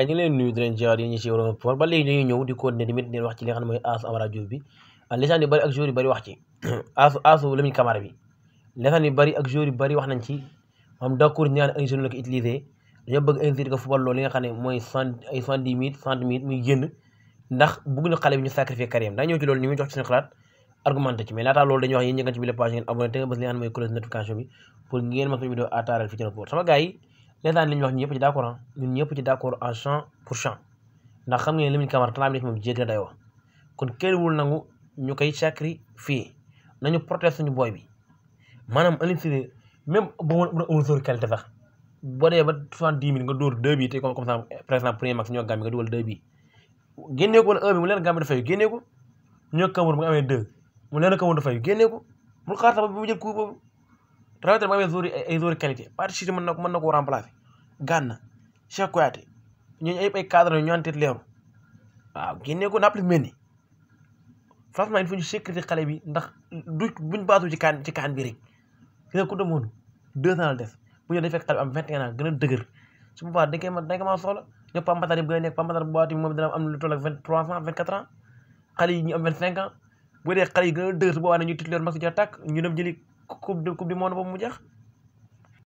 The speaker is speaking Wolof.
ñu ngi leen nuyu di leen jaar yi ñu ci Europe Sport ba léegi dañuy ñëw di continuer tamit di wax ci li xam ne mooy Ass Amara Diouf bi ah, lisaan yu bëri ak ak joueur yu bëri wax nañ ci moom d'accord ñaan ay mooy cent ay cent dix minutes cent minutes muy xale bi ñu sacrifier carrière daa ñëw ci loolu ni muy jox ci seen xalaat argumenté ci mais laataa loolu dañuy wax yéen ñi nga ci bi la page ngeen te nga bës li nga xam ne mooy cloche notification bi pour ngeen mën ko vidéo à taaral fi ci Europe sama dèjà li ñu wax ñëpp ci d' accord ñun ñëpp ci d' accord à cent pour cent ndax xam ngeen Lamine Camara talaa bi def moom jéggi na dayoo kon kenn wul nangu ñu koy sacrifier nañu proteste suñu booy bi maanaam Aliou Cissé même bu ma amul sóor qualité sax boo dee ba soixante dix mille nga dóor deux bii te comme comme ça par exemple premier match ñoo Gambie nga dugal deux bii génnee ko wala un bi mu leen Gambie dafay génnee ko ñoo Cameroun bu nga amee deux mu leen Cameroun dafay génnee ko mu xaar sax ba mu jël coup boobu rawatina ba amee sóor ay sóor qualité partie mën na mën na koo remplacer Gana Cheikh Kouyaté ñooñu ay ay cadre ñu antit leeru waaw génnee ko Nampalys Mendy franchement il faut ñu sécurité xale bi ndax du buñ baatu ci kaan bi rek gis nga ku demoon deux ans la gën a dëgër su boobaa dañ koy mën dañ koy mën soxla ñoom Pape Matar bi gën a nekk Pape Matar boobaa tamit moom dina am ñu am vingt ne ñu titulaire mag si jox tàkk ñu dem jëli coupe coupe du boobu mu jeex